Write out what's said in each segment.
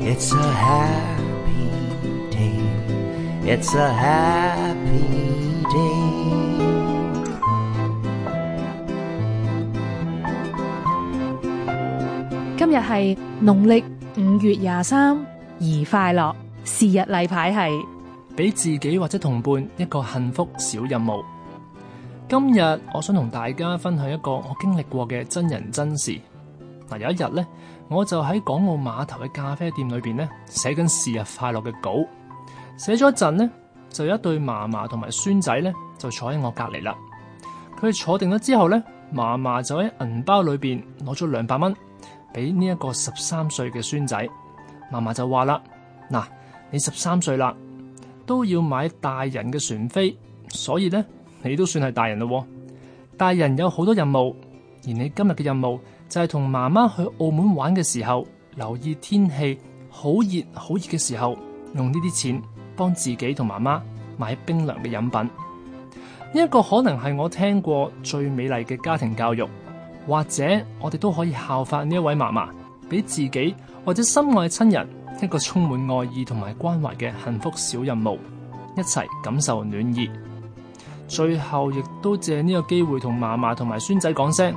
It's a happy day. It's a happy day. 今日係農曆五月廿三，宜快樂。是日例牌係，俾自己或者同伴一個幸福小任務。今日我想同大家分享一個我經歷過嘅真人真事。嗱，有一日咧，我就喺港澳碼頭嘅咖啡店裏邊咧寫緊《是日快樂》嘅稿，寫咗一陣咧，就有一對嫲嫲同埋孫仔咧就坐喺我隔籬啦。佢哋坐定咗之後咧，嫲嫲就喺銀包裏邊攞咗兩百蚊俾呢一個十三歲嘅孫仔。嫲嫲就話啦：嗱，你十三歲啦，都要買大人嘅船飛，所以咧你都算係大人咯。大人有好多任務，而你今日嘅任務。就係同媽媽去澳門玩嘅時候，留意天氣好熱好熱嘅時候，用呢啲錢幫自己同媽媽買冰涼嘅飲品。呢、這、一個可能係我聽過最美麗嘅家庭教育，或者我哋都可以效法呢一位媽媽，俾自己或者心愛親人一個充滿愛意同埋關懷嘅幸福小任務，一齊感受暖意。最後亦都借呢個機會同媽媽同埋孫仔講聲。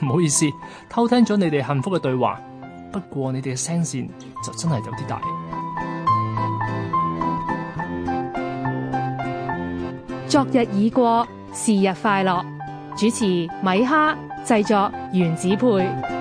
唔好意思，偷聽咗你哋幸福嘅對話。不過你哋嘅聲線就真係有啲大。昨日已過，是日快樂。主持米哈，製作原子配。